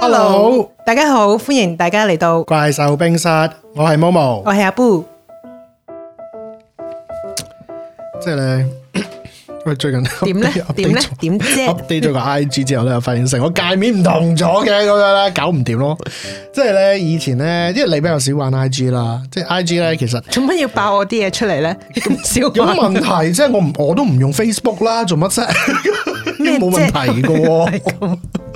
Hello，, Hello 大家好，歡迎大家嚟到怪獸冰室。我係 Momo 我係阿 Bo。即係咧，喂，最近點咧？點咧？點即 update 咗個 IG 之後咧，我發現成個界面唔同咗嘅咁樣咧，搞唔掂咯。即係咧，以前咧，因為你比較少玩 IG 啦，即係 IG 咧，其實做乜要爆我啲嘢出嚟咧？咁少有冇問題？即係我我都唔用 Facebook 啦，做乜啫？呢個冇問題嘅。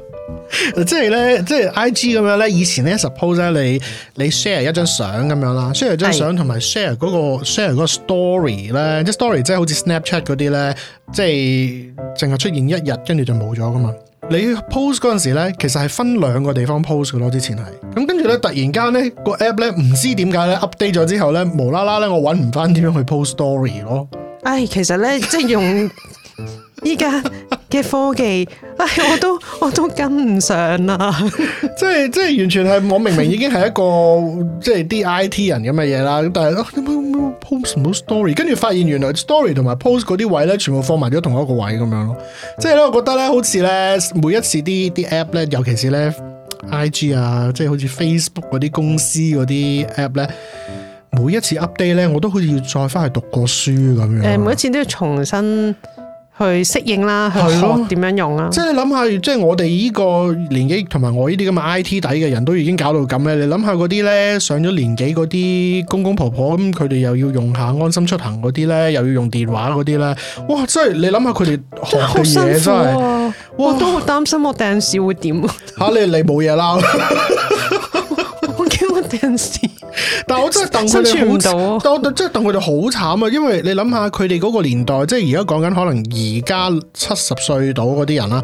即係咧，即係 IG 咁樣咧。以前咧，suppose 咧，你你 share 一張相咁樣啦，share 張相同埋 share 嗰個 share 嗰個 story 咧，即係 story 即係好似 Snapchat 嗰啲咧，即係淨係出現一日，跟住就冇咗噶嘛。你 post 嗰陣時咧，其實係分兩個地方 post 噶咯，之前係。咁跟住咧，突然間咧個 app 咧唔知點解咧 update 咗之後咧，無啦啦咧我搵唔翻點樣去 post story 咯。唉、哎，其實咧即係用。 依家嘅科技，唉，我都我都跟唔上啦。 即係即係完全係我明明已經係一個即係啲 I T 人咁嘅嘢啦，但係啊你你，post 唔到 story，跟住發現原來 story 同埋 post 嗰啲位咧，全部放埋咗同一個位咁樣咯。即係咧，我覺得咧，好似咧，每一次啲啲 app 咧，尤其是咧 I G 啊，即係好似 Facebook 嗰啲公司嗰啲 app 咧，每一次 update 咧，我都好似要再翻去讀過書咁樣。誒，每一次都要重新。去適應啦，去學點樣用啦，啊？即係你諗下，即係我哋呢個年紀同埋我呢啲咁嘅 I T 底嘅人都已經搞到咁咧。你諗下嗰啲咧，上咗年紀嗰啲公公婆婆咁，佢哋又要用下安心出行嗰啲咧，又要用電話嗰啲咧。哇！即係真係你諗下佢哋學嘅嘢真係，哇我都好擔心我第時會點啊！吓、啊、你你冇嘢撈。 但係我真係戥佢哋好， 但係我真係戥佢哋好慘啊！ 因為你諗下佢哋嗰個年代，即係而家講緊可能而家七十歲到嗰啲人啦。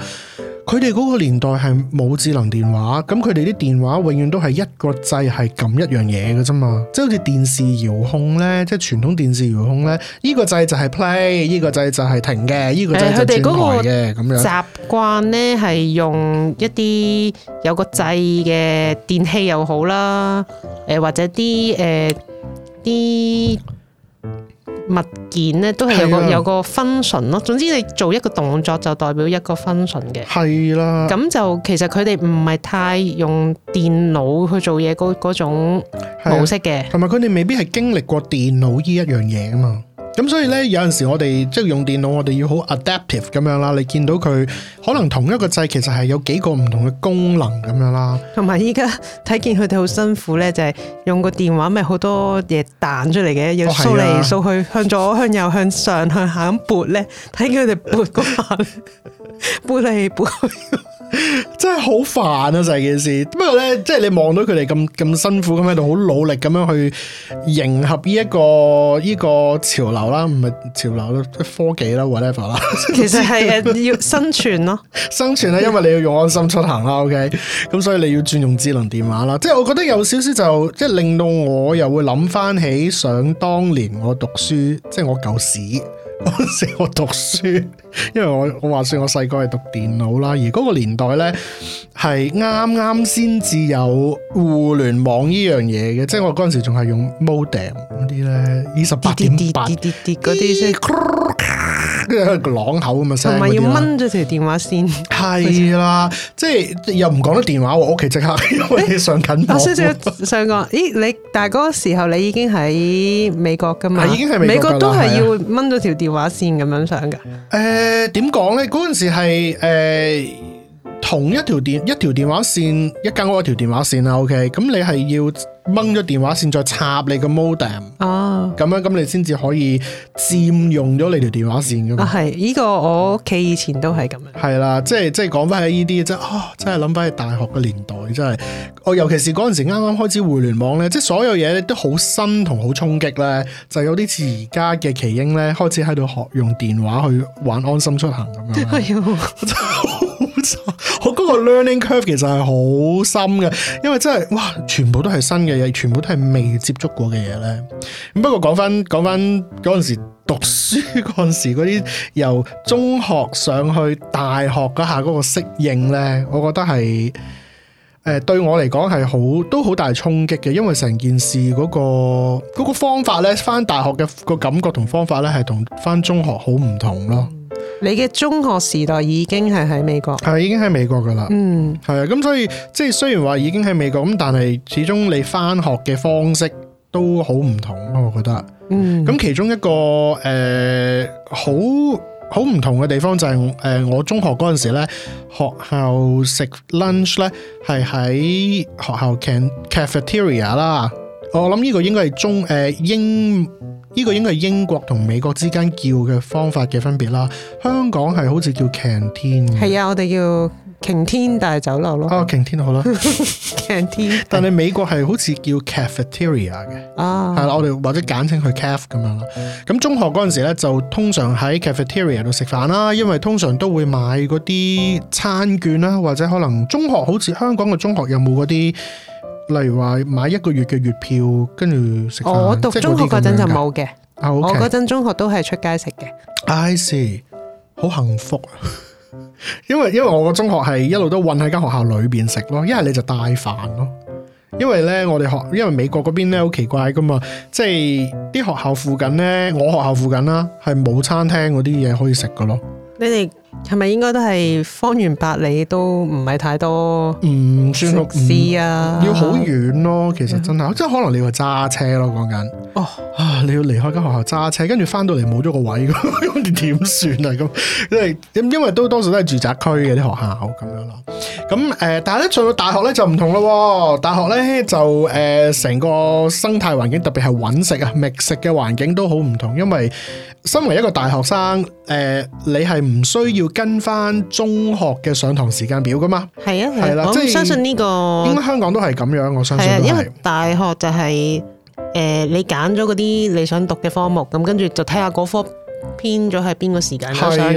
佢哋嗰個年代係冇智能電話，咁佢哋啲電話永遠都係一個掣係撳一樣嘢嘅啫嘛，即係好似電視遙控咧，即係傳統電視遙控咧，依個掣就係 play，依個掣就係停嘅，依個掣就轉台嘅咁樣。習慣咧係用一啲有個掣嘅電器又好啦，誒、呃、或者啲誒啲。呃物件咧都係有個、啊、有個 function 咯，總之你做一個動作就代表一個 function 嘅。係啦、啊。咁就其實佢哋唔係太用電腦去做嘢嗰種模式嘅，同埋佢哋未必係經歷過電腦呢一樣嘢啊嘛。咁所以咧，有陣時我哋即係用電腦，我哋要好 adaptive 咁樣啦。你見到佢可能同一個掣，其實係有幾個唔同嘅功能咁樣啦。同埋依家睇見佢哋好辛苦咧，就係、是、用個電話，咪好多嘢彈出嚟嘅，哦、要掃嚟的掃去，向左向右向上向下咁撥咧，睇見佢哋撥嗰下， 撥嚟撥去。真係好煩啊！就係件事，不過咧，即係你望到佢哋咁咁辛苦咁喺度好努力咁樣去迎合呢一個呢個潮流啦，唔係潮流啦，科技啦 whatever 啦。其實係要生存咯， 生存咧，因為你要用安心出行啦。OK，咁所以你要轉用智能電話啦。即係我覺得有少少就即係令到我又會諗翻起，想當年我讀書，即係我舊時。我細 我讀書，因為我我話說我細個係讀電腦啦，而嗰個年代咧係啱啱先至有互聯網呢樣嘢嘅，即係我嗰陣時仲係用 modem 嗰啲咧，二十八點八嗰啲聲。 跟住個朗口咁啊！同埋要掹咗條電話線，係啦，的的即係又唔講得電話。我屋企即刻， 因為上緊。阿小姐上講，咦？你但係嗰個時候你已經喺美國噶嘛、啊？已經係美國，美國都係要掹咗條電話線咁的樣上噶。誒、呃，點講咧？嗰陣時係誒。呃同一條電一條電話線，一間屋一條電話線啦。OK，咁你係要掹咗電話線再插你個 modem、啊。哦，咁樣咁你先至可以佔用咗你條電話線。啊，係呢、呢個我屋企以前都係咁樣。係啦、嗯，即係即係講翻喺呢啲嘅啫。啊，真係諗翻喺大學嘅年代真係，哦，尤其是嗰陣時啱啱開始互聯網咧，即係所有嘢都好新同好衝擊咧，就有啲似而家嘅奇英咧，開始喺度學用電話去玩安心出行咁樣。 我嗰 個 learning curve 其實係好深嘅，因為真係哇，全部都係新嘅嘢，全部都係未接觸過嘅嘢咧。不過講返講返嗰陣時讀書嗰陣 時嗰啲由中學上去大學嗰下嗰個適應咧，我覺得係。誒，對我嚟講係好，都好大衝擊嘅，因為成件事嗰個嗰個方法咧，翻大學嘅個感覺同方法咧，係同翻中學好唔同咯。你嘅中學時代已經係喺美、美、嗯、美國，係已經喺美國噶啦，嗯，係啊，咁所以即係雖然話已經喺美國，咁但係始終你翻學嘅方式都好唔同，我覺得，嗯，咁其中一個誒好。呃好唔同嘅地方就係、是、誒、呃、我中學嗰陣時咧，學校食 lunch 咧係喺學校 can cafeteria 啦。我諗呢個應該係中誒、呃、英呢、呢個應該係英國同美國之間叫嘅方法嘅分別啦。香港係好似叫 canteen。係啊，我哋叫。擎天大酒樓咯，哦，擎天好啦，擎天。 但係美國係好似叫 cafeteria 嘅，啊，係啦，我哋或者簡稱佢 caf 咁樣啦。咁中學嗰陣時咧，就通常喺 cafeteria 度食飯啦，因為通常都會買嗰啲餐券啦，嗯、或者可能中學好似香港嘅中學有冇嗰啲，例如話買一個月嘅月票跟住食飯。我讀中學嗰陣就冇嘅，啊 okay、我嗰陣中學都係出街食嘅。I see，好幸福。 因為因為我個中學係一路都混喺間學校裏邊食咯，一係你就帶飯咯。因為咧我哋學，因為美國嗰邊咧好奇怪噶嘛，即係啲學校附近咧，我學校附近啦，係冇餐廳嗰啲嘢可以食噶咯。你哋。係咪應該都係方圓百里都唔係太多？唔算牧師啊，嗯、要好遠咯。其實真係，即係、嗯、可能你話揸車咯。講緊哦啊，你要離開間學校揸車，跟住翻到嚟冇咗個位，咁點算啊？咁即係因為因為都多數都係住宅區嘅啲學校咁樣咯。咁誒，但係咧，做到大學咧就唔同咯。大學咧就誒，成、呃、個生態環境，特別係揾食啊、覓食嘅環境都好唔同，因為。身為一個大學生，誒、呃，你係唔需要跟翻中學嘅上堂時間表噶嘛？係啊的，係啦的，即係相信呢、這個，應該香港都係咁樣。我相信因為、這個、大學就係、是，誒、呃，你揀咗嗰啲你想讀嘅科目，咁跟住就睇下嗰科。偏咗係邊個時間上，咁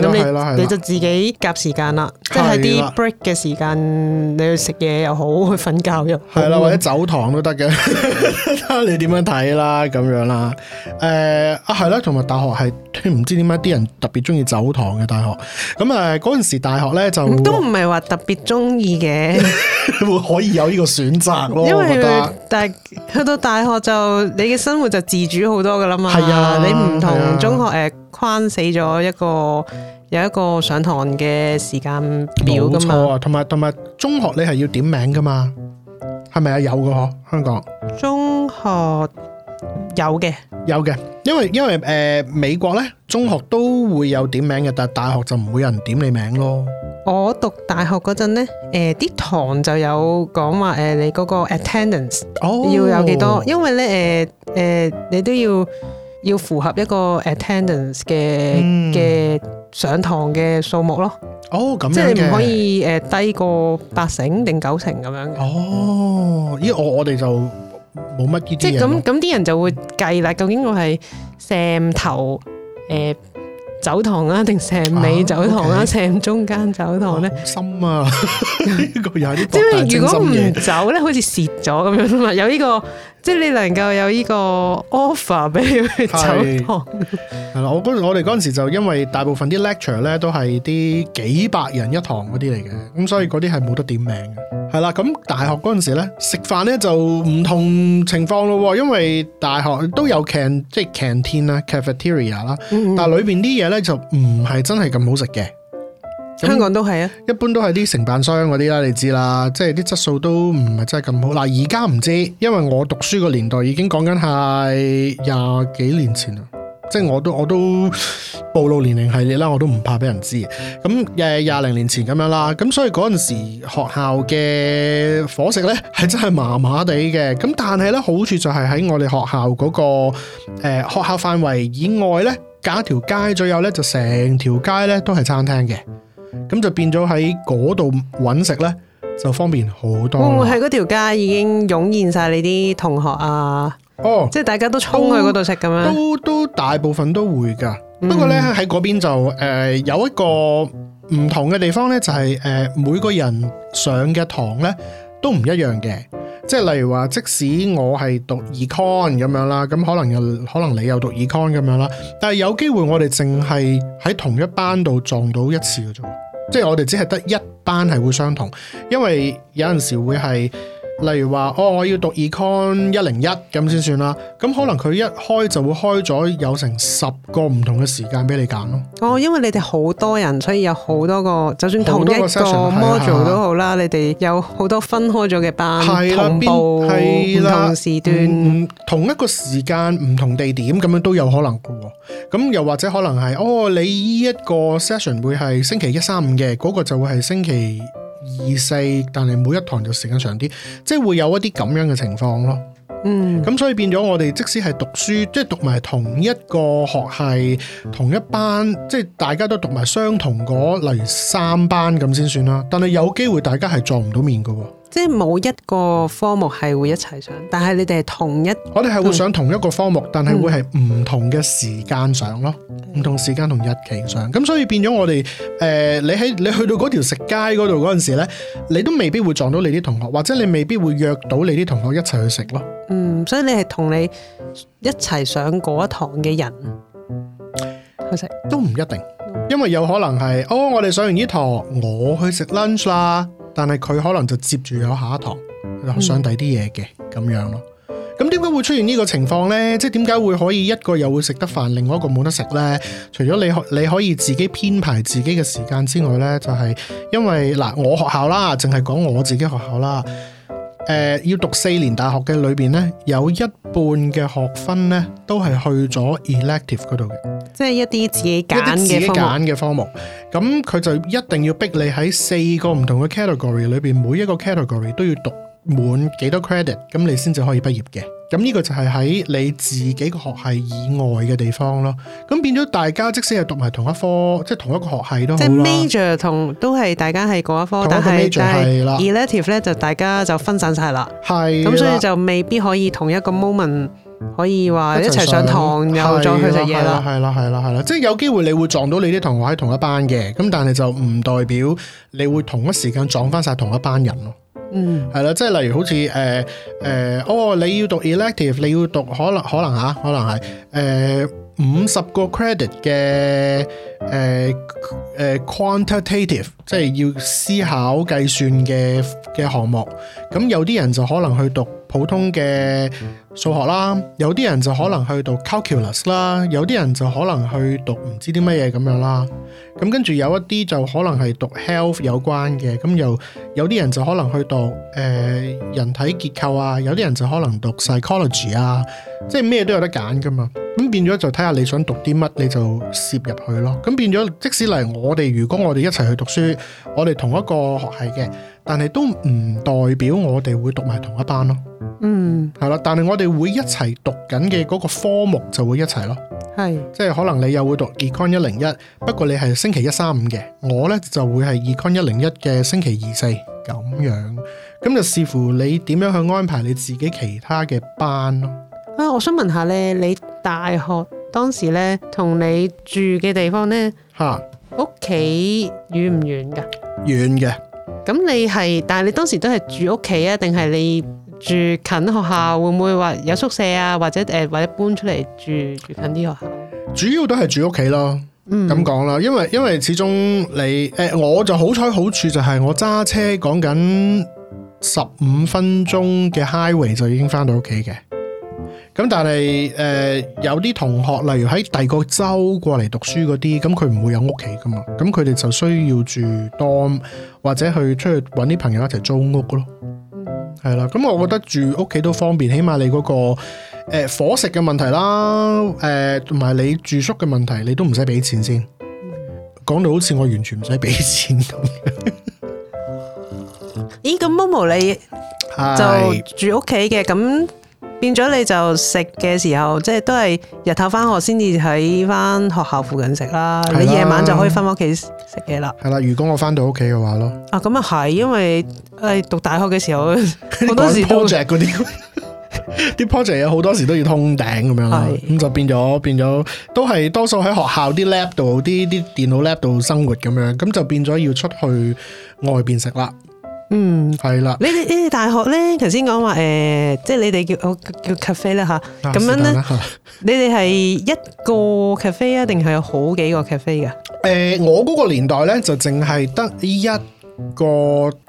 你你就自己夾時間啦，的即係啲 break 嘅時間，你去食嘢又好，去瞓覺又好，係啦，或者走堂都得嘅， 睇下你點樣睇啦，咁樣啦，誒、呃，啊係啦，同埋大學係唔知點解啲人特別中意走堂嘅大學，咁誒嗰陣時大學咧，就都唔係話特別中意嘅，會可以有呢個選擇咯，因為他 大去到大學就你嘅生活就自主好多噶啦嘛，係啊的，你唔同中學誒。框死咗一個有一個上堂嘅時間表噶嘛，同埋同埋中學你係要點名噶嘛，係咪啊？有噶嗬，香港中學有嘅有嘅，因為因為誒美國咧中學都會有點名嘅，但係大學就唔會有人點你名咯。我讀大學嗰陣咧，誒啲堂就有講話，誒你嗰個 attendance 要有幾多，因為咧誒誒你都要。要符合一個 attendance 嘅嘅上堂嘅數目咯。哦，即係你唔可以誒低過八成定九成咁樣嘅。哦，依我我哋就冇乜呢啲。即係咁咁啲人就會計啦。究竟我係成頭誒走堂啊，定成尾走堂啊，成中間走堂咧？深啊！呢個有啲搏得真心嘅。如果唔走咧，好似蝕咗咁樣啊嘛。有呢個。即係你能夠有呢個 offer 俾你走堂，係啦。我嗰我哋嗰陣時就因為大部分啲 lecture 咧都係啲幾百人一堂嗰啲嚟嘅，咁所以嗰啲係冇得點名嘅。係啦，咁大學嗰陣時咧食飯咧就唔同情況咯，因為大學都有 can 即係 canteen 啦、cafeteria 啦，但係裏邊啲嘢咧就唔係真係咁好食嘅。那香港都係啊，一般都係啲承辦商嗰啲啦，你知啦，即係啲質素都唔係真係咁好。嗱，而家唔知，因為我讀書個年代已經講緊係廿幾年前啦，即係我都我都暴露年齡系列啦，我都唔怕俾人知。咁誒，廿零年前咁樣啦，咁所以嗰陣時學校嘅伙食咧係真係麻麻地嘅。咁但係咧好處就係喺我哋學校嗰個誒學校範圍以外咧，隔一條街左右咧就成條街咧都係餐廳嘅。咁就變咗喺嗰度揾食呢，就方便好多。會唔會喺嗰條街已經湧現晒你啲同學啊？哦，即係大家都衝去嗰度食噶嘛？都都大部分都會噶。嗯、不過呢，喺嗰邊就誒、呃、有一個唔同嘅地方呢，就係、是、誒、呃、每個人上嘅堂呢都唔一樣嘅。即係例如話，即使我係讀 Econ 咁樣啦，咁可能又可能你又讀 Econ 咁樣啦，但係有機會我哋淨係喺同一班度撞到一次嘅啫，即係我哋只係得一班係會相同，因為有陣時會係。例如話，哦，我要讀 Econ 一零一咁先算啦。咁、嗯、可能佢一開就會開咗有成十個唔同嘅時間俾你揀咯。哦，因為你哋好多人，所以有好多個，就算同一個 module 都好啦。看看你哋有好多分開咗嘅班，啦同步唔啦同時段、嗯嗯，同一個時間唔同地點，咁樣都有可能嘅喎。咁又或者可能係，哦，你依一個 session 會係星期一、三、五嘅，嗰、嗰個就會係星期二四，但係每一堂就時間長啲，即係會有一啲咁樣嘅情況咯。嗯，咁所以變咗我哋即使係讀書，即係讀埋同一個學系、同一班，即係大家都讀埋相同嗰，例如三班咁先算啦。但係有機會大家係撞唔到面㗎喎。即係冇一個科目係會一齊上，但係你哋係同一，我哋係會上同一個科目，嗯、但係會係唔同嘅時間上咯，唔、嗯、唔同時間同日期上。咁所以變咗我哋誒、呃，你喺你去到嗰條食街嗰度嗰陣時咧，你都未必會撞到你啲同學，或者你未必會約到你啲同學一齊去食咯。嗯，所以你係同你一齊上嗰一堂嘅人去食，都唔一定，因為有可能係、嗯、哦，我哋上完呢堂，我去食 lunch 啦。但係佢可能就接住有下一堂，又上第啲嘢嘅咁樣咯。咁點解會出現呢個情況呢？即係點解會可以一個又會食得飯，另外一個冇得食呢？除咗你可你可以自己編排自己嘅時間之外呢，就係、是、因為嗱，我學校啦，淨係講我自己學校啦。誒、呃，要讀四年大學嘅裏邊咧，有一半嘅學分咧，都係去咗 elective 嗰度嘅，即係一啲自己揀嘅自己揀嘅科目，咁佢向就一定要逼你喺四個唔同嘅 category 裏邊，每一個 category 都要讀。滿幾多 credit，咁你先至可以畢業嘅，咁呢個就係喺你自己個學系以外嘅地方咯。咁變咗大家即使係讀埋同一科，即係同一個學系都好啦。即係 major 同都係大家係嗰一科，但係但係 relative 咧就大家就分散晒啦。係咁，所以就未必可以同一個 moment 可以話一齊上堂又再佢哋嘢啦。係啦係啦係啦，即係有機會你會撞到你啲同學喺同一班嘅，咁但係就唔代表你會同一時間撞翻晒同一班人咯。嗯，係啦， 即係例如好似誒誒，哦，你要讀 elective，你要讀可能可能吓，可能係誒五十個 credit 嘅誒誒、呃呃、quantitative，即係要思考計算嘅嘅項目，咁有啲人就可能去讀普通嘅。嗯數學啦，有啲人就可能去讀 calculus 啦，有啲人就可能去讀唔知啲乜嘢咁樣啦。咁跟住有一啲就可能係讀 health 有關嘅，咁又有啲人就可能去讀誒、呃、人體結構啊，有啲人就可能讀 psychology 啊，即係咩都有得揀噶嘛。咁變咗就睇下你想讀啲乜，你就涉入去咯。咁變咗，即使嚟我哋如果我哋一齊去讀書，我哋同一個學系嘅。但係都唔代表我哋會讀埋同一班咯。嗯，係啦，但係我哋會一齊讀緊嘅嗰個科目就會一齊咯。係，即係可能你又會讀 Econ 一零一，不過你係星期一三五嘅，我呢就會係 Econ 一零一嘅星期二四咁樣。咁就視乎你點樣去安排你自己其他嘅班咯。啊，我想問下呢，你大學當時呢同你住嘅地方呢？吓？屋企遠唔遠㗎？遠嘅。遠咁你係，但係你當時都係住屋企啊？定係你住近學校？會唔會話有宿舍啊？或者誒、呃，或者搬出嚟住住近啲學校？主要都係住屋企咯，嗯，咁講啦，因為因為始終你誒、呃，我就好彩好處就係我揸車講緊十五分鐘嘅 highway 就已經翻到屋企嘅。咁但係誒、呃，有啲同學，例如喺第二個州過嚟讀書嗰啲，咁佢唔會有屋企噶嘛？咁佢哋就需要住 dorm 或者去出去揾啲朋友一齊租屋咯。係、嗯、啦，咁、嗯、我覺得住屋企都方便，起碼你嗰、那個誒伙、呃、食嘅問題啦，誒同埋你住宿嘅問題，你都唔使俾錢先。講到好似我完全唔使俾錢咁。咦、欸？咁 Momo 你就住屋企嘅咁？變咗你就食嘅時候，即係都係日頭翻學先至喺翻學校附近食啦。係。你夜晚就可以翻屋企食嘢啦。係啦，如果我翻到屋企嘅話咯。啊，咁啊係，因為誒讀大學嘅時候，好 多時 project 嗰啲，啲 project 有好多時都要通頂咁樣啦。咁係，就變咗變咗，都係多數喺學校啲 lab 度，啲啲電腦 lab 度生活咁樣，咁就變咗要出去外邊食啦。嗯，係啦了。你哋你哋大學咧，頭先講話誒，即係你哋叫我叫 cafe 啦嚇、啊，咁樣咧，便 你哋係一個 cafe 啊，定係有好幾個 cafe 嘅？誒、呃，我嗰個年代咧，就淨係得呢一個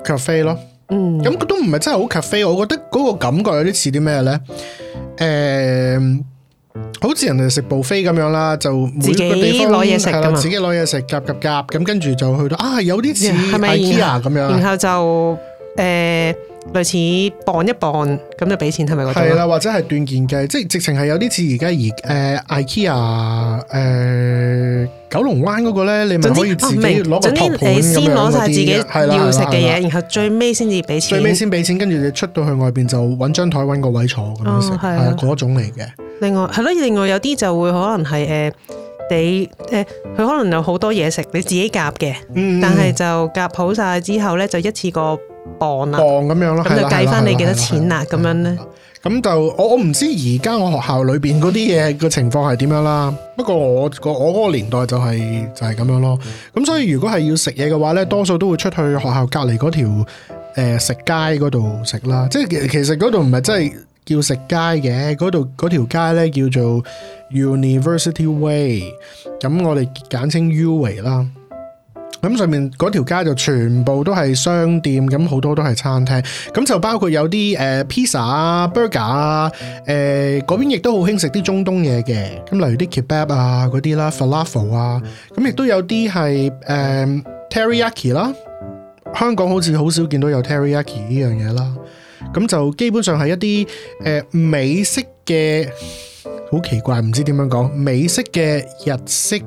cafe 咯。嗯，咁都唔係真係好 cafe，我覺得嗰個感覺有啲似啲咩咧？誒、呃。好似人哋食 buffet 咁樣啦，就每一個地方攞嘢食啦，自己攞嘢食夾夾夾咁，跟住就去到啊，有啲似 IKEA 咁樣。然後就。啊樣誒、呃，類似磅一磅咁就俾錢，係咪嗰種？係啦，或者係鍛煉嘅，即係直情係有啲似而家而誒 IKEA 誒、呃、九龍灣嗰個咧，你咪可以自己攞個托盤咁樣。總之你、哦呃、先攞晒自己要食嘅嘢，然後最尾先至俾錢，最尾先俾錢，跟住你出到去外邊就搵張台搵個位坐咁樣食，係啊嗰種嚟嘅。另外係咯，另外有啲就會可能係誒、呃、你誒佢、呃、可能有好多嘢食，你自己夾嘅，但係就夾好晒之後咧就一次過。磅啦，啊，磅咁樣咯，咁就計翻你幾多錢啦，咁樣咧。咁就我我唔知而家我學校裏邊嗰啲嘢個情況係點樣啦。不過我個我嗰個年代就係、是、就係、是、咁樣咯。咁、嗯、所以如果係要食嘢嘅話咧，多數都會出去學校隔籬嗰條誒食街嗰度食啦。即係其實嗰度唔係真係叫食街嘅，嗰度嗰條街咧叫做 University Way，咁我哋簡稱 U Way 啦。咁上面嗰條街就全部都係商店，咁好多都係餐廳，咁就包括有啲誒 pizza 啊、burger 啊，誒、呃、嗰邊亦都好興食啲中東嘢嘅，咁例如啲 kebab 啊嗰啲啦 falafel 啊，咁亦、啊、都有啲係誒、呃、teriyaki 啦。香港好似好少見到有 teriyaki 呢樣嘢啦，咁就基本上係一啲誒、呃、美式嘅好奇怪，唔知點樣講美式嘅日式。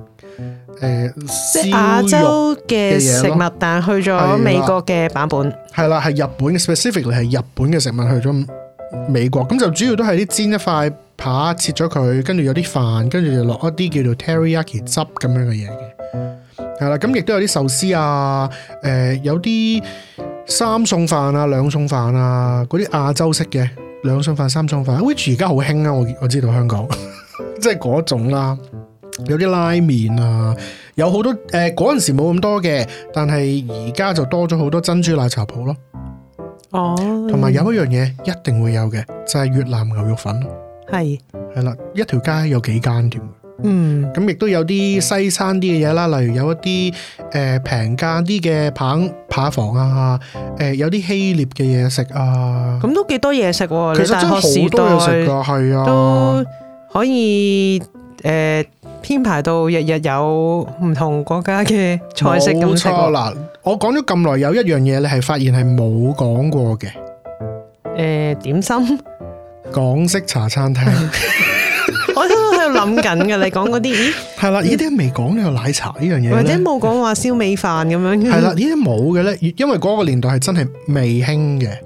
誒，即係亞、呃、洲嘅食物，但係去咗美國嘅版本。係啦、啊，係日本，specifically 嘅。係日本嘅食物去咗美國，咁就主要都係啲煎一塊扒，切咗佢，跟住有啲飯，跟住就落一啲叫做 teriyaki 汁咁樣嘅嘢嘅。係啦、啊，咁亦都有啲壽司啊，誒、呃，有啲三餸飯啊，兩餸飯啊，嗰啲亞洲式嘅兩餸飯、三餸飯，which 而家好興啊，我我知道香港即係嗰種啦、啊。有啲拉麵啊，有好多誒，嗰、呃、陣時冇咁多嘅，但係而家就多咗好多珍珠奶茶鋪咯。哦，同埋有，有一樣嘢一定會有嘅就係、是、越南牛肉粉咯。係係啦，一條街有幾間添。嗯，咁亦都有啲西餐啲嘅嘢啦，例如有一啲誒平價啲嘅棒扒房啊，誒、呃、有啲希臘嘅嘢食啊。咁都幾多嘢食，啊，其實真係好多嘢食噶，係啊，都可以。誒，編、呃、排到日日有唔同國家嘅菜式咁錯食啦。我講咗咁耐，有一樣嘢你係發現係冇講過嘅。誒、呃，點心、港式茶餐廳。我都喺度諗緊嘅，你講嗰啲，係、 嗯、啦，呢啲未講呢個奶茶呢樣嘢或者冇講話燒味飯咁樣。係、嗯、啦，呢啲冇嘅咧，因為嗰個年代係真係未興嘅。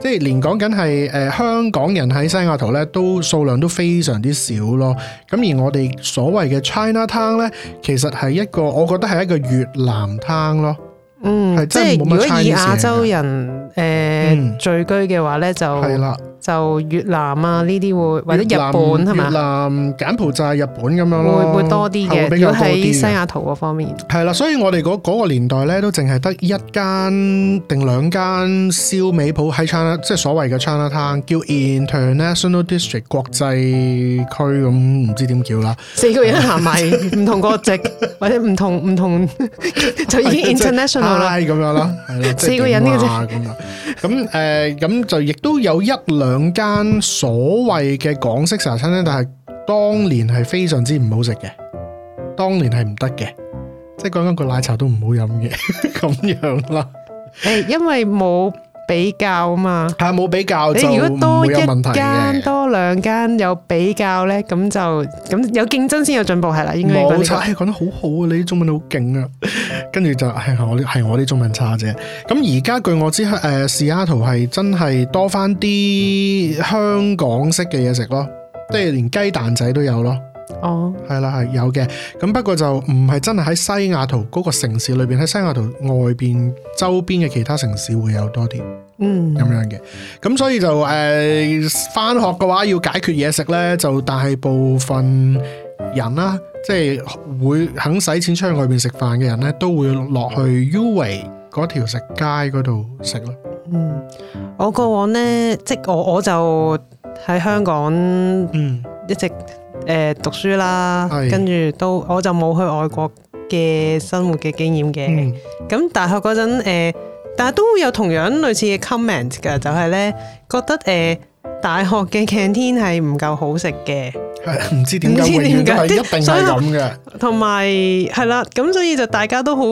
即係連講緊係誒香港人喺西雅圖咧，都數量都非常之少咯。咁而我哋所謂嘅 China Town 咧，其實係一個我覺得係一個越南 Town 咯。嗯，係真係冇乜差，如果以亞洲人誒、呃、聚居嘅話咧，就係啦。嗯就越南啊，呢啲會或者日本係咪？越南、柬埔寨、日本咁樣囉，會會多啲嘅。如果喺西雅圖嗰方面，係啦，所以我哋嗰嗰個年代咧，都淨係得一間定兩間燒味鋪喺 China，即係所謂嘅 China Town，叫 International District 國際區咁，唔知點叫啦。四個人行埋，唔同國籍或者唔同唔同，就已經 international 啦咁樣啦，係，四個人呢個啫，係咁樣，咁誒，咁就亦都有一兩兩間所謂嘅港式茶餐廳，但係當年係非常之唔好食嘅，當年係唔得嘅，即係講緊個奶茶都唔好飲嘅，咁 樣啦。因為冇。比較啊嘛，係冇、啊、比較就你如果唔會有問題嘅。多一間多兩間有比較咧，咁就咁有競爭先有進步係啦。冇差、欸，講得好好啊！你中文都好勁啊！跟 住就係我啲係我啲中文差啫。咁而家據我知，誒西雅圖係真係多返啲香港式嘅嘢食咯，即係、嗯、連雞蛋仔都有咯。哦，係啦，係，有嘅。咁不過就唔係真係喺西雅圖嗰個城市裏邊，喺西雅圖外邊周邊嘅其他城市會有多啲，嗯，咁樣嘅。咁所以就誒，翻、呃、學嘅話要解決嘢食咧，就大部分人啦、啊，即、就、係、是、會肯使錢出去外邊食飯嘅人咧，都會落去 Uway 嗰條食街嗰度食咯。嗯，我過往咧，即我我就喺香港，嗯，一直。誒讀書啦，跟住都我就冇去外國嘅生活嘅經驗嘅。咁大學嗰陣誒，但係都有同樣類似嘅 comment 噶，就係咧覺得誒大學嘅 canteen 係唔夠好食嘅。係唔知點解會咁。一定係咁嘅。同埋係啦，咁所以就大家都好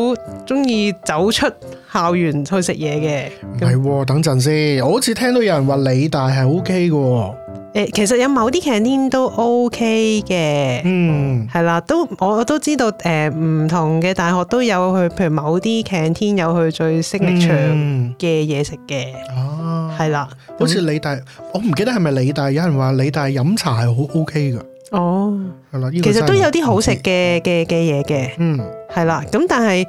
中意走出校園去食嘢嘅。係喎，等陣先，我好似聽到有人話理大係 OK 嘅喎。誒，其實有某啲 canteen 都 OK 嘅，嗯，係啦，都我都知道，誒、呃，唔同嘅大學都有去，譬如某啲 canteen 有去最色力場嘅嘢食嘅，哦，係啦，好似理大，我唔記得係咪理大，有人話理大飲茶係好 OK 㗎，哦，係啦，這個、其實都有啲好食嘅嘅嘅嘢嘅，嗯，係啦，咁、嗯、但係。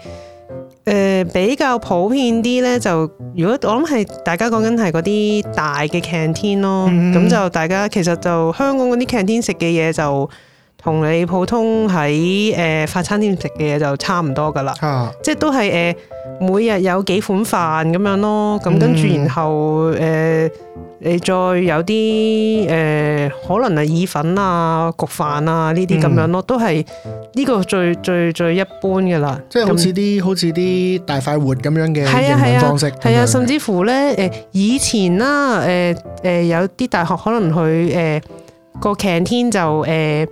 誒、呃、比較普遍啲咧，就如果我諗係大家講緊係嗰啲大嘅 canteen 咯，咁、嗯、就大家其實就香港嗰啲 canteen 食嘅嘢就。同你普通喺誒、呃、法餐廳食嘅嘢就差唔多噶啦，啊、即係都係誒、呃、每日有幾款飯咁樣咯，咁、嗯、跟住然後誒你、呃、再有啲誒、呃、可能係意粉啊、焗飯啊呢啲咁樣咯，都係呢個最最最一般嘅啦。即係好似啲那好似啲大快活咁樣嘅營養方式，啊，係啊，啊，甚至乎咧誒以前啦誒誒有啲大學可能佢誒，呃個 canteen 就誒、呃、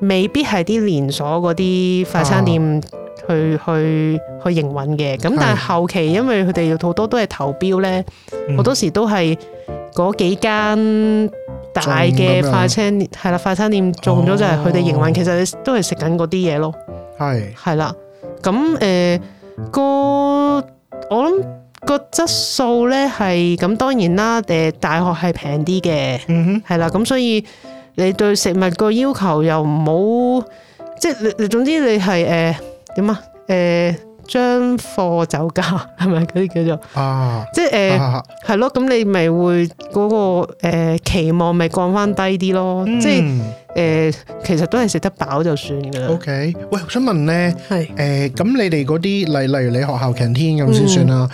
未必係啲連鎖嗰啲快餐店去、啊、去去，去營運嘅，咁但係後期的因為佢哋好多都係投標咧，好、嗯、多時都係嗰幾間大嘅快餐係啦，快餐店中咗就係佢哋營運，哦、其實你都係食緊嗰啲嘢咯，係係啦，咁誒個我諗個質素咧係咁當然啦，誒大學係平啲嘅，嗯係哼啦，咁所以。你對食物個要求又唔好，即係你你總之你係誒點啊？誒將貨就價係咪嗰啲叫做啊？即係誒係咯，咁你咪會嗰、嗰個誒、呃、期望咪降翻低啲咯？嗯、即係誒、呃、其實都係食得飽就算噶啦。OK，喂，我想問咧係誒咁你哋嗰啲例例如你學校 canteen 咁先算啦。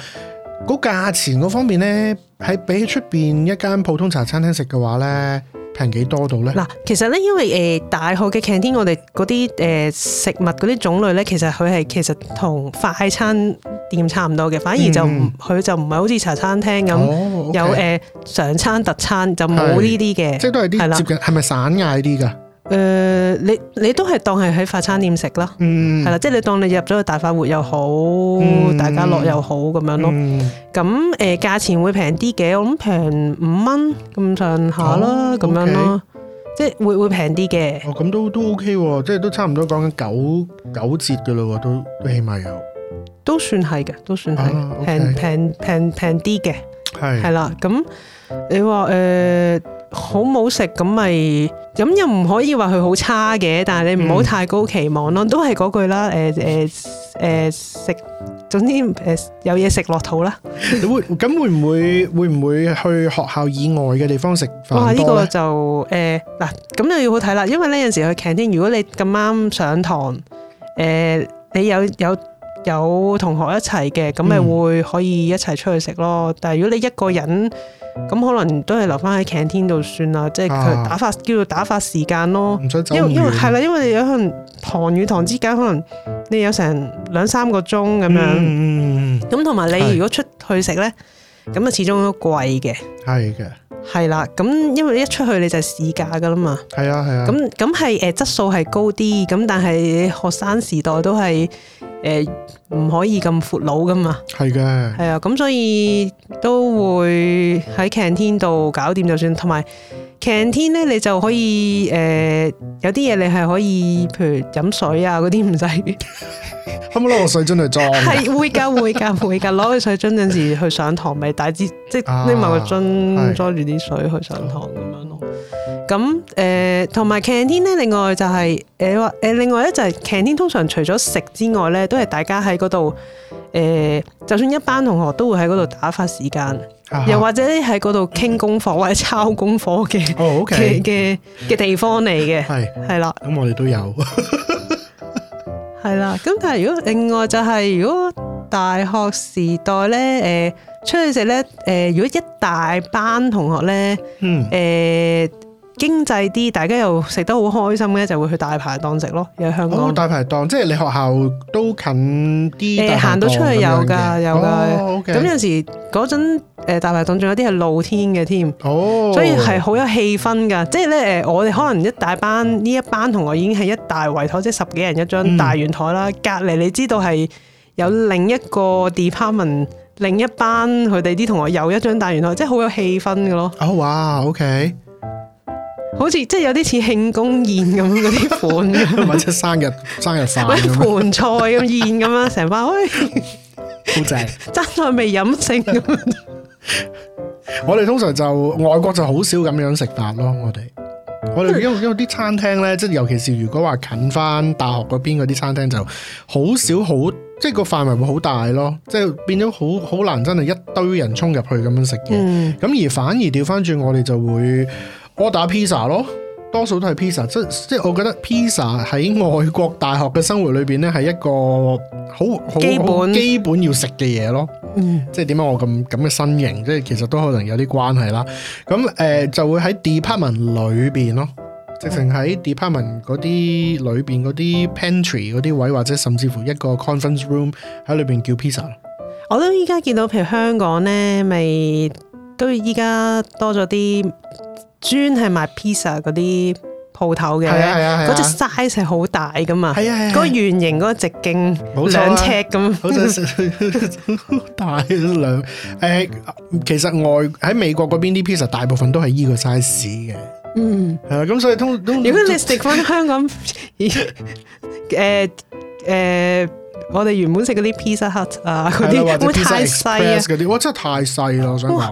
嗰價、嗯、錢嗰方面咧喺比起出邊一間普通茶餐廳食嘅話咧。平幾多度咧？嗱、呃呃，其實咧，因為誒大學嘅 canteen，我哋嗰啲誒食物嗰啲種類咧，其實佢係其實同快餐店差唔多嘅，反而就唔，佢、嗯、就唔係好似茶餐廳咁、哦 okay. 有誒常、呃、餐特餐，就冇呢啲嘅。即係都係啲係啦接近，係咪散嗌啲㗎？誒，你你都係當係喺快餐店食啦，係啦，即係你當你入咗去大快活又好，大家樂又好咁樣咯。咁誒，價錢會平啲嘅，我諗平五蚊咁上下啦，咁樣咯，即係會會平啲嘅。哦，咁都都 OK，即係都差唔多講緊九九折噶啦，都都起碼有，都算係嘅，都算係平平平平啲嘅，係係啦。咁你話誒？好唔好食咁咪咁又唔可以話佢好差嘅，但係你唔好太高期望咯，都係嗰句啦。誒誒誒食，總之誒有嘢食落肚啦。會咁會唔會會唔會去學校以外嘅地方食飯？哇！呢個就誒嗱咁又要好睇啦，因為呢陣時去 canteen，如果你咁啱上堂，誒你有有有同學一齊嘅，咁咪會可以一齊出去食咯。但係如果你一個人，咁可能都係留翻喺 canteen 度算啦，即係佢打發、啊、叫做打發時間咯。唔使走遠，因為因為係啦，因為有可能堂與堂之間可能你有成兩三個鐘咁樣，嗯。嗯，咁同埋你如果出去食咧，咁啊的始終都貴嘅。係嘅。係啦，咁因為一出去你就市價噶啦嘛。係啊，係啊。咁咁係誒質素係高啲，咁但係學生時代都係誒唔可以咁闊佬噶嘛。係嘅的。係啊，咁所以都會喺 canteen 度搞掂就算，同埋。canteen 咧，你就可以誒、呃、有啲嘢你係可以，譬如飲水啊嗰啲唔使，可唔可以攞個水樽嚟裝？係會㗎，會㗎會㗎，攞個水樽，陣時去上堂咪帶支即係拎埋個樽的裝住啲水去上堂咁樣咯。咁誒同埋 canteen 咧，另外就係誒誒另外咧就係 canteen 通常除咗食之外咧，都係大家喺嗰度。誒，就算一班同學都會喺嗰度打發時間，啊、又或者喺嗰度傾功課或者抄功課嘅、okay 嘅嘅地方嚟嘅，係係啦，咁的我哋都有，係 啦。咁但係如果另外就係、係、如果大學時代咧，誒、呃、出去食咧，誒、呃、如果一大班同學咧，嗯，誒、呃。經濟啲，大家又食得好開心嘅，就會去大排檔食咯。有香港、哦、大排檔，即係你學校都近啲。誒，行到出去有㗎，有㗎。咁有時嗰陣誒大排檔仲有啲係露天嘅添。哦，所以係好有氣氛㗎。即係咧誒，我哋可能一大班呢一班同學已經係一大圍台，即係十幾人一張大圓台啦。嗯、隔離你知道係有另一個 department 另一班佢哋啲同學又一張大圓台，即係好有氣氛㗎咯。啊、哦，哇，OK。好似即係有啲似慶功宴咁嗰啲款咁， 或者生日生日飯咁， 盤菜咁宴咁啊，成班喂，好正，真係未飲勝，我哋通常就外國就好少咁樣食飯咯。我哋我哋因因為啲餐廳咧，即係尤其是如果話近翻大學嗰邊嗰啲餐廳，就好少好即係個範圍會好大咯，即係變咗好好難真係一堆人衝入去咁樣食嘅。咁、嗯、而反而調翻轉，我哋就會。我打 pizza 咯，多數都係 pizza，即係我覺得 pizza 喺外國大學嘅生活裏邊咧，係一個好好基本基本要食嘅嘢咯。嗯即，即係點解我咁咁嘅身形，即係其實都可能有啲關係啦。咁誒、呃，就會喺 department 裏邊咯，直情喺 department 嗰啲裏邊嗰啲 pantry 嗰啲位，或者甚至乎一個 conference room 喺裏邊叫 pizza。我都依家見到，譬如香港咧，咪都依家多咗啲。專係賣 pizza 嗰啲鋪頭嘅，嗰隻 size 係好大㗎嘛，嗰個圓形嗰個直徑兩尺咁，好大兩。誒，其實外喺美國嗰邊啲 pizza 大部分都係依個 size 嘅，嗯，係啦，咁所以通通如果你食翻香港，誒誒。我哋原本食嗰啲 pizza hut 啊，嗰啲會唔會太細啊，嗰啲哇真係太細啦！我想講，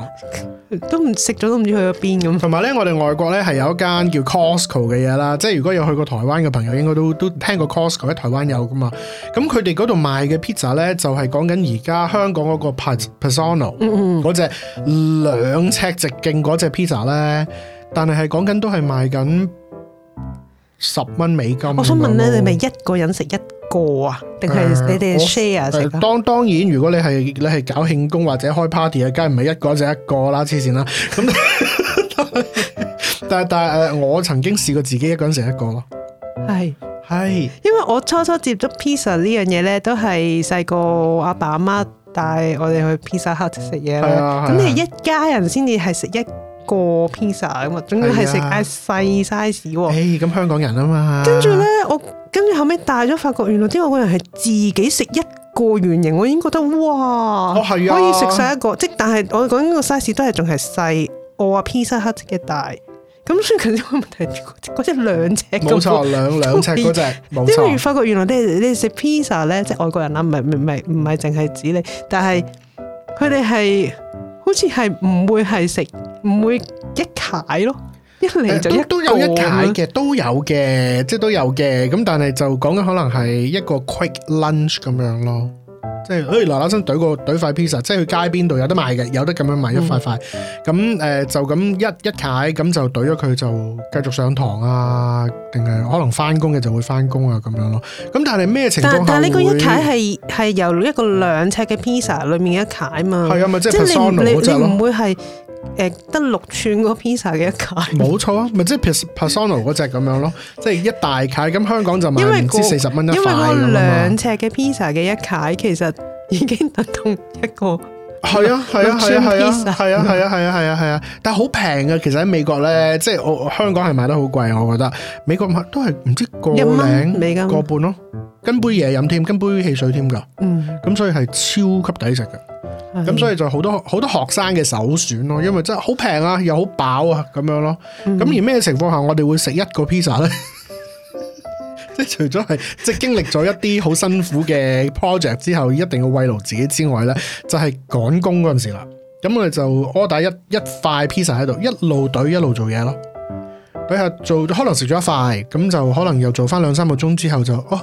都唔食咗都唔知去咗邊咁。同埋咧，我哋外國咧係有一間叫 Costco 嘅嘢啦，即係如果有去過台灣嘅朋友，應該都都聽過 Costco 喺、啊、台灣有噶嘛。咁佢哋嗰度賣嘅 pizza 咧，就係講緊而家香港嗰個 personal 嗰隻兩尺直徑嗰隻 pizza 咧，但係係講緊都係賣緊十蚊美金。我想問咧，吧你咪一個人食一？個啊？定係你哋 share 食？當當然，如果你係你係搞慶功或者開 party 啊，梗係唔係一個人食一個啦，黐線啦！咁 但係但係誒、呃，我曾經試過自己一個人食一個咯。係係是，是因為我初初接觸 pizza 呢樣嘢咧，都係細個阿爸阿媽帶我哋去 pizza hut 食嘢。咁你一家人先至係食一。個 pizza 咁啊，總之係食細 size 喎。誒，咁香港人啊嘛。跟住咧，我跟住後尾大咗，發覺原來啲外國人係自己食一個圓形，我已經覺得哇，哦啊、可以食晒一個。即但係我講緊個 size 都係仲係細。我話 pizza 刻幾大，咁所以佢呢個問題嗰隻兩尺。冇錯錯，兩兩尺嗰隻。因為發覺原來你你食 pizza 咧，即係外國人啊，唔係唔係唔係淨係指你，但係佢哋係。嗯好似係唔會係食唔會一解咯，一嚟就一、呃、都，都有一解嘅，都有嘅，即、就、係、是、都有嘅，咁但係就講緊可能係一個 quick lunch 咁樣咯。即係，哎，嗱嗱聲懟個懟塊 pizza，即係去街邊度有得賣嘅，有得咁樣賣一塊塊。咁誒、嗯，就咁一一解，咁就懟咗佢就繼續上堂啊，定係可能翻工嘅就會翻工啊，咁樣咯。咁但係咩情況下但係你個一解係係由一個兩尺嘅 pizza 裏面一解嘛？係啊，咪、就是、即係 personal 嗰誒，得六寸嗰 pizza 嘅一塊，冇錯啊，咪、就是、 即係 personal 嗰隻咁樣咯，即係一大塊，咁香港就賣唔知四十蚊一塊，因為兩尺嘅 pizza 嘅一塊其實已經等同一個，係啊係啊係啊係啊係啊係啊係啊，但係好平嘅，其實喺美國咧，即係我香港係賣得好貴，我覺得美國得都係唔知一個零、個半咯。跟杯嘢飲添，跟杯汽水添㗎，咁、嗯、所以係超級抵食嘅，咁、嗯、所以就好多好多學生嘅首選咯，嗯、因為真係好平啊，又好飽啊，咁樣咯。咁、嗯、而咩情況下我哋會食一個 pizza 咧？即 係 除咗係即係經歷咗一啲好辛苦嘅 project 之後，一定要慰勞自己之外咧，就係、是、趕工嗰陣時啦。咁我哋就 order 一一塊 pizza 喺度，一路隊一路做嘢咯。佢係做可能食咗一塊，咁就可能又做翻兩三個鐘之後就哦。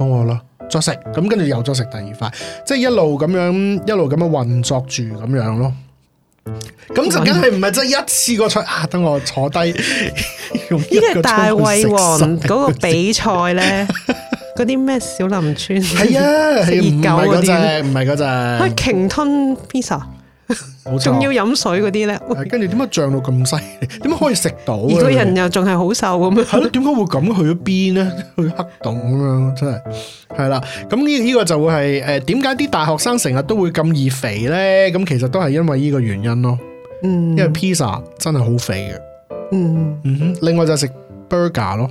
幫我咯，再食，咁跟住又再食第二塊，即係一路咁樣，一路咁樣運作住咁樣咯。咁、嗯、就梗係唔係真係一次過出 啊！等我坐低，呢個大胃王嗰個比賽咧，嗰啲咩小林村係 啊，熱狗嗰隻，唔係嗰隻，可以鯨吞 pizza。仲要飲水嗰啲咧，跟住點解漲到咁犀利？點解可以食到？ 而個人又仲係好瘦咁樣， 樣，係咯？點解會咁？去咗邊咧？去黑洞咁樣，真係係啦。咁呢呢個就會係誒，點解啲大學生成日都會咁易肥咧？咁其實都係因為呢個原因咯。嗯，因為披薩真係好肥嘅。嗯，嗯哼，另外就係食 burger 咯。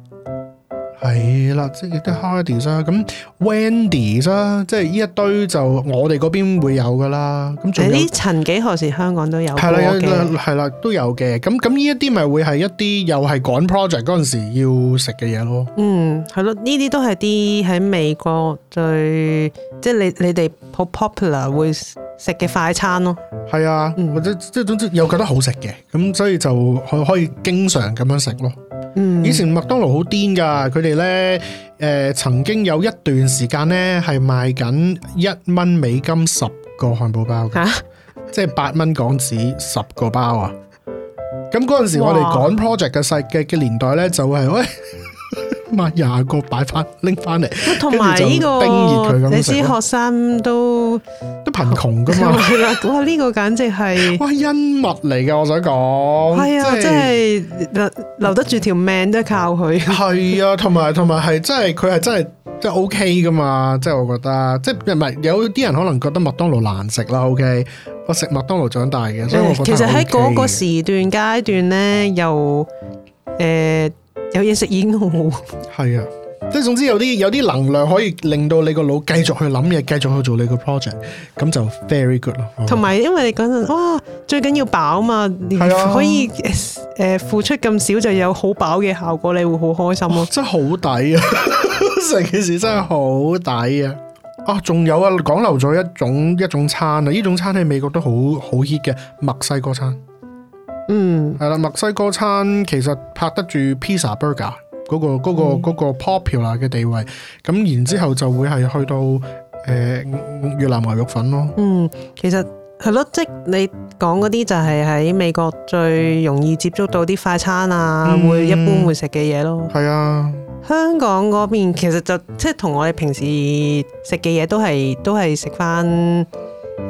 係啦，即係亦都 Hardee's 啦，咁 Wendy 啦，即係呢一堆就我哋嗰邊會有噶啦。咁仲有，曾幾何時香港都有，係啦 KK，係啦 ess ución、mm, yes, the, Filip さ，都有嘅。咁咁呢一啲咪會係一啲又係趕 project 嗰陣時要食嘅嘢咯。嗯，係咯，呢啲都係啲喺美國最，即係你你哋好 popular 會。食嘅快餐咯，係啊、嗯，或者即係總之又覺得好食嘅，咁所以就可可以經常咁樣食咯。嗯，以前麥當勞好癲噶，佢哋咧誒曾經有一段時間咧係賣緊一蚊美金十個漢堡包嘅，啊、即係八蚊港紙十個包啊。咁嗰陣時我哋趕 project 嘅世嘅嘅年代咧，哇就係、是、喂。買廿個擺翻拎翻嚟，同埋呢個，冰熱佢咁你知學生都都貧窮噶嘛？哇！呢個簡直係哇恩物嚟噶，我想講係啊，即係留留得住條命都係靠佢。係啊，同埋同埋係，即係佢係真係即係 OK 噶嘛？即係我覺得，即係唔係有啲人可能覺得麥當勞難食啦。OK，我食麥當勞長大嘅，所以我覺得、OK、其實喺嗰個時段階段咧，又誒。呃有嘢食已經好，係啊！即係總之有啲有啲能量可以令到你個腦繼續去諗嘢，繼續去做你個 project，咁就 very good 咯。同埋因為你嗰陣哇，最緊要飽啊嘛，啊可以誒、呃、付出咁少就有好飽嘅效果，你會好開心咯、啊哦。真係好抵啊！成 件事真係好抵啊！啊、哦，仲有啊，講漏咗一種一種餐啊！呢種餐喺美國都好好 hit 嘅墨西哥餐。嗯，係啦，墨西哥餐其實拍得住 pizza burger 嗰、嗰個嗰、嗰個嗰、嗯、個 popular 嘅地位，咁然之後就會係去到誒、嗯呃、越南牛肉粉咯。嗯，其實係咯，即你講嗰啲就係喺美國最容易接觸到啲快餐啊，嗯、會一般會食嘅嘢咯。係啊，香港嗰邊其實就即係同我哋平時食嘅嘢都係都係食翻。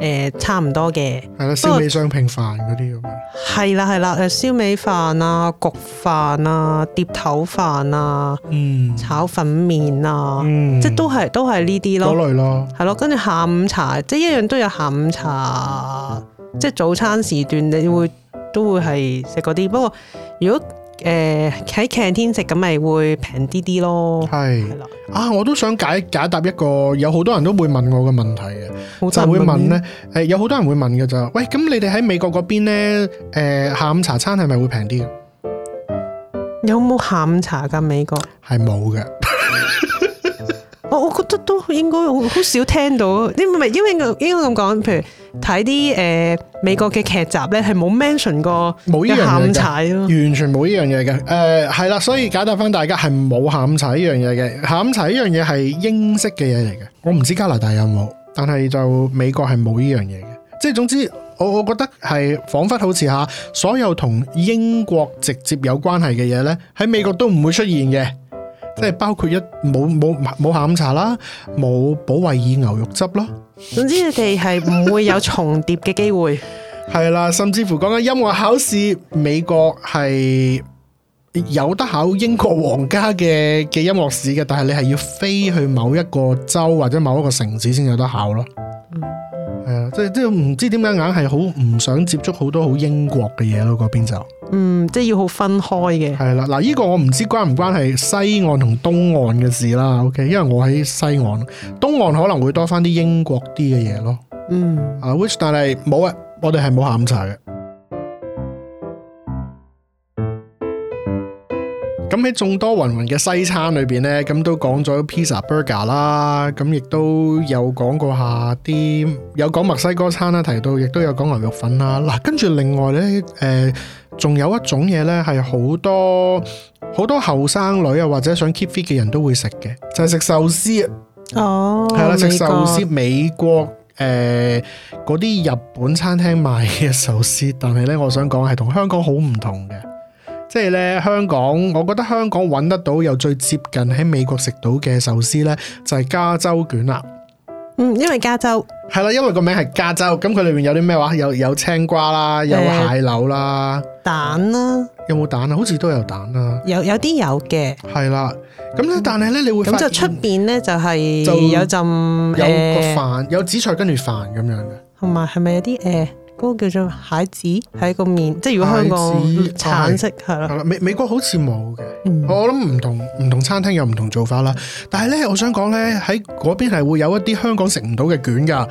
誒、呃，差唔多嘅，係啦了，燒味雙拼飯嗰啲咁樣，係啦係啦，誒，燒味飯啊，焗飯啊，碟頭飯啊，嗯，炒粉麵啊，嗯，即係都係都係呢啲咯，多類咯，係咯，跟住下午茶，嗯、即係一樣都有下午茶，嗯、即係早餐時段你會都會係食嗰啲，不過如果。誒，喺 canteen 食咁，咪會平啲啲咯，係啊！我都想解解答一個有好多人都會問我嘅問題嘅，就會問咧，誒、呃，有好多人會問嘅就，喂咁你哋喺美國嗰邊咧，誒下午茶餐係咪會平啲嘅？有冇下午茶㗎？美國係冇嘅。 我、哦、我覺得都應該好少聽到，你咪因為應該咁講，譬如睇啲誒美國嘅劇集咧，係冇 mention 過，冇呢樣嘢嘅，完全冇呢樣嘢嘅。誒係啦，所以解答翻大家係冇鹹茶呢樣嘢嘅，鹹茶呢樣嘢係英式嘅嘢嚟嘅。我唔知加拿大有冇，但係就美國係冇呢樣嘢嘅。即係總之，我我覺得係彷彿好似吓所有同英國直接有關係嘅嘢咧，喺美國都唔會出現嘅。即係包括一冇冇冇下午茶啦，冇保衛爾牛肉汁咯。總之佢哋係唔會有重疊嘅機會。係啦，甚至乎講緊音樂考試，美國係有得考英國皇家嘅嘅音樂試嘅，但係你係要飛去某一個州或者某一個城市先有得考咯。係啊、嗯嗯，即係即係唔知點解硬係好唔想接觸好多好英國嘅嘢咯，嗰邊就。嗯，即係要好分開嘅。係啦，嗱，呢、這個我唔知關唔關係西岸同東岸嘅事啦。O、okay? K，因為我喺西岸，東岸可能會多返啲英國啲嘅嘢咯。嗯，啊、uh,，which 但係冇啊，我哋係冇下午茶嘅。咁喺眾多雲雲嘅西餐裏邊呢，咁都講咗 pizza、burger 啦，咁亦都有講過下啲有講墨西哥餐啦，提到亦都有講牛肉粉啦。嗱、啊，跟住另外呢，誒、呃，仲有一種嘢呢，係好多好多後生女啊，或者想 keep fit 嘅人都會食嘅，就係、是、食壽司哦，係啦了，食、哦、壽司美國誒嗰啲日本餐廳賣嘅壽司，但係呢，我想講係同香港好唔同嘅。即係咧，香港，我覺得香港搵得到又最接近喺美國食到嘅壽司咧，就係、是、加州卷啦。嗯，因為加州係啦，因為個名係加州，咁佢裏邊有啲咩話？有有青瓜啦，有蟹柳啦，蛋啦，有冇蛋啊？有有蛋，好似都有蛋啊，有有啲有嘅。係啦，咁咧，但係咧，你會咁、嗯、就出邊咧就係有浸有個飯，呃、有紫菜跟住飯咁樣嘅，同埋係咪有啲誒？呃嗰個叫做蟹子喺個面，即係如果香港橙色係咯，美美國好似冇嘅。我諗唔同唔同餐廳有唔同做法啦。但係咧，我想講咧，喺嗰邊係會有一啲香港食唔到嘅卷㗎。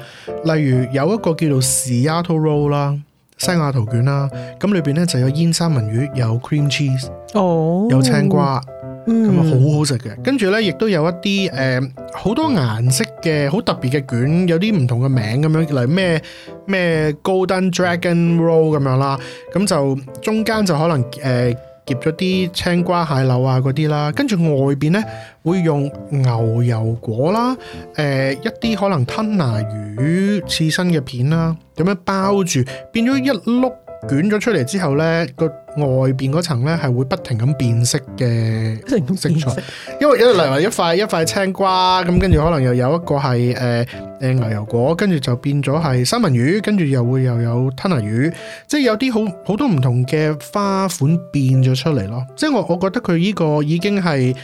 例如有一個叫做 Seattle Roll 啦，西雅圖卷啦，咁裏邊咧就有煙三文魚，有 cream cheese，哦，有青瓜。咁啊，嗯、好好食嘅，跟住咧，亦都有一啲誒好多顏色嘅好特別嘅卷，有啲唔同嘅名，咁樣嚟咩咩 Golden Dragon Roll 咁樣啦，咁就中間就可能誒、呃、夾咗啲青瓜蟹柳啊啲啦，跟住外邊咧會用牛油果啦，誒、呃、一啲可能吞拿魚刺身嘅片啦，咁樣包住變咗一碌。捲咗出嚟之後呢，個外邊嗰層咧係會不停咁 變色嘅食材，因為一嚟埋一塊一塊青瓜，咁跟住可能又有一個係誒誒牛油果，跟住就變咗係三文魚，跟住又會又有吞拿魚，即係有啲好好多唔同嘅花款變咗出嚟咯。即係我我覺得佢呢個已經係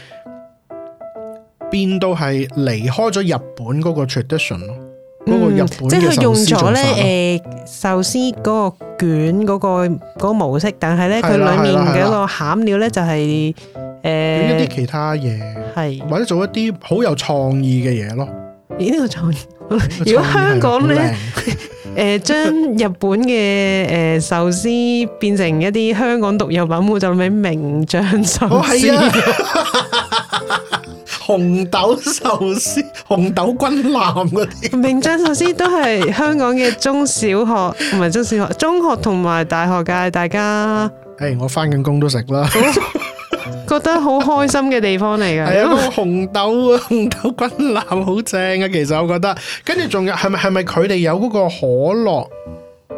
變到係離開咗日本嗰個 tradition 咯。嗯，即係佢用咗咧，誒，壽司嗰個卷嗰個嗰個模式，但係咧佢裏面嗰個餡料咧就係誒一啲其他嘢，係或者做一啲好有創意嘅嘢咯。咦，呢個創意？如果香港咧，誒，將日本嘅誒壽司變成一啲香港獨有品，我就會諗起名將壽司。紅豆壽司、紅豆軍艦嗰啲，名將壽司都係香港嘅中小學，唔係中小學，中學同埋大學界大家。誒，我翻緊工都食啦，覺得好開心嘅地方嚟噶。係啊，紅豆啊，紅豆軍艦好正啊，其實我覺得。跟住仲有係咪係咪佢哋有嗰個可樂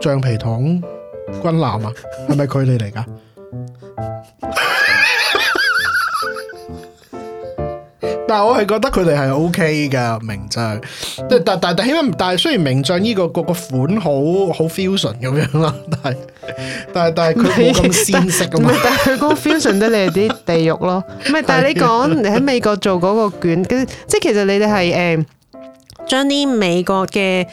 橡皮糖軍艦啊？係咪佢哋嚟噶？但係我係覺得佢哋係 O K 噶，名將，即係但但但起碼，但係雖然名將呢，這個，這個這個款好好 fusion 咁樣啦，但係但係但係佢冇咁鮮色咁，但係佢嗰個 fusion 得 你哋啲地獄咯，唔係但係你講，你喺美國做嗰個卷，的即係其實你哋係誒將啲美國嘅、誒、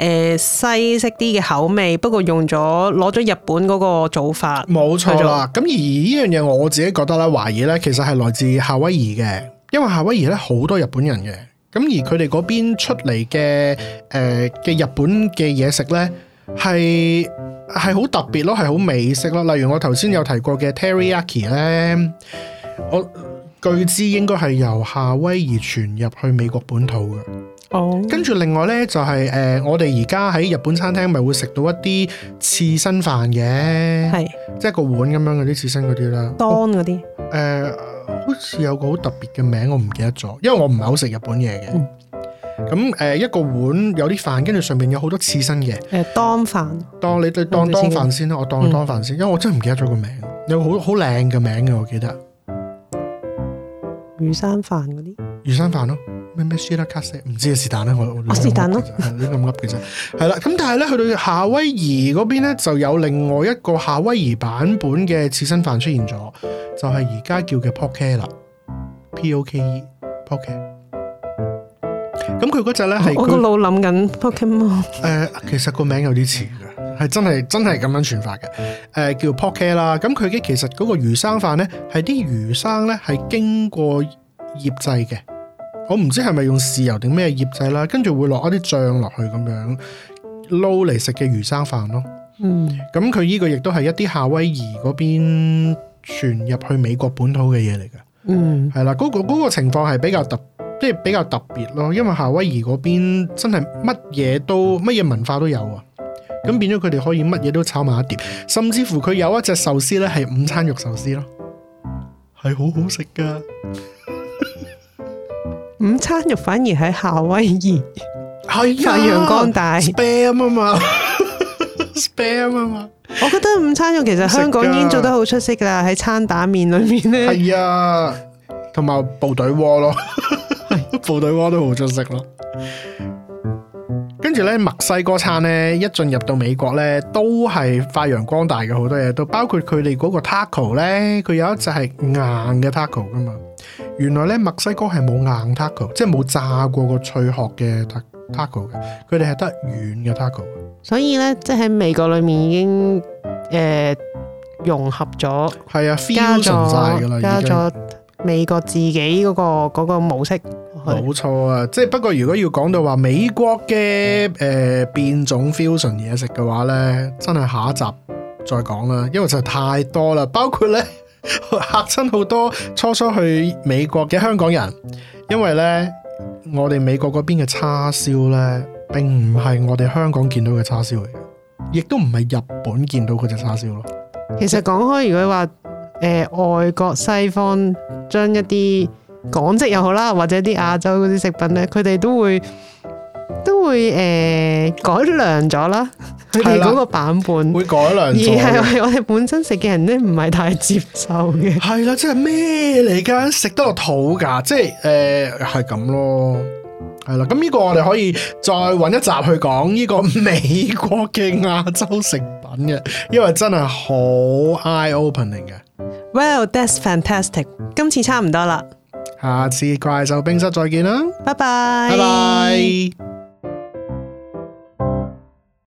呃、西式啲嘅口味，不過用咗攞咗日本嗰個做法，冇錯啦。咁而呢樣嘢我自己覺得咧，懷疑咧，其實係來自夏威夷嘅。因為夏威夷咧好多日本人嘅，咁而佢哋嗰邊出嚟嘅誒嘅日本嘅嘢食咧係係好特別咯，係好美食咯。例如我頭先有提過嘅 Teriyaki 咧，我據知應該係由夏威夷傳入去美國本土嘅。哦，oh。跟住另外咧就係、是、誒、呃、我哋而家喺日本餐廳咪會食到一啲刺身飯嘅，係是即係個碗咁樣嗰啲刺身嗰啲啦，當嗰啲誒。些好似有個好特別嘅名，我唔記得咗，因為我唔係好食日本嘢嘅。咁誒、嗯呃，一個碗有啲飯，跟住上面有好多刺身嘅。誒、呃，當飯。當你你當當飯先啦，嗯、我當你當飯先，因為我真係唔記得咗個名，有好好靚嘅名嘅，我記得。魚生飯嗰啲。魚生飯咯、啊。咩咩書啦，卡西唔知啊，是但啦，我我是但啦，你咁噏其實係啦，咁 但係咧去到夏威夷嗰邊咧，就有另外一個夏威夷版本嘅刺身飯出現咗，就係而家叫嘅 poke 啦，p o k e poke。咁佢嗰隻咧係我個腦諗緊 Pokemon。誒、呃，其實個名有啲似嘅，係真係真係咁樣傳法嘅。誒、呃，叫 poke 啦，咁佢嘅其實嗰個魚生飯咧係啲魚生咧係經過醃製嘅。我唔知係咪用豉油定咩醃製啦，跟住會落一啲醬落去，咁樣撈嚟食嘅魚生飯咯。嗯，咁佢呢個亦都係一啲夏威夷嗰邊傳入去美國本土嘅嘢嚟噶。嗯，係啦，嗰個嗰個情況係比較特別，即係比較特別咯。因為夏威夷嗰邊真係乜嘢都乜嘢文化都有啊。咁變咗佢哋可以乜嘢都炒埋一碟，甚至乎佢有一隻壽司咧係午餐肉壽司咯，係好好食噶。午餐肉反而喺夏威夷發揚光大 Spam 啊嘛 Spam 啊嘛我覺得午餐肉其實香港已經做得好出色㗎喇喺餐打麵裏面呢係啊同埋部隊鍋囉部隊鍋都好出色囉 跟住呢墨西哥餐呢一進入到美國呢都係發揚光大嘅好多嘢都包括佢哋嗰個 taco 呢佢有一隻係硬嘅 taco 㗎嘛原來咧，墨西哥係冇硬 taco，即係冇炸過個脆殼嘅 taco 嘅，佢哋係得軟嘅 taco。所以咧，即係喺美國裏面已經誒、呃、融合咗，係啊，fusion 晒噶啦，加咗了了美國自己嗰、嗰個、嗰個模式。冇錯啊，即係不過如果要講到話美國嘅誒、嗯呃、變種 fusion 嘢食嘅話咧，真係下一集再講啦，因為就太多啦，包括咧。嚇親好多初初去美國嘅香港人，因為咧，我哋美國嗰邊嘅叉燒咧，並唔係我哋香港見到嘅叉燒嚟嘅，亦都唔係日本見到嗰隻叉燒咯。其實講開，如果話誒、呃、外國西方將一啲港式又好啦，或者啲亞洲嗰啲食品咧，佢哋都會都會誒、呃、改良咗啦。係嗰個版本會改良，而係我哋本身食嘅人咧唔係太接受嘅。係啦，即係咩嚟噶？食得落肚噶，即係誒，係咁咯。係啦，咁呢個我哋可以再揾一集去講呢個美國嘅亞洲食品嘅，因為真係好 eye-opening 嘅。Well, that's fantastic。今次差唔多啦，下次怪獸冰室再見啦，拜拜，拜拜。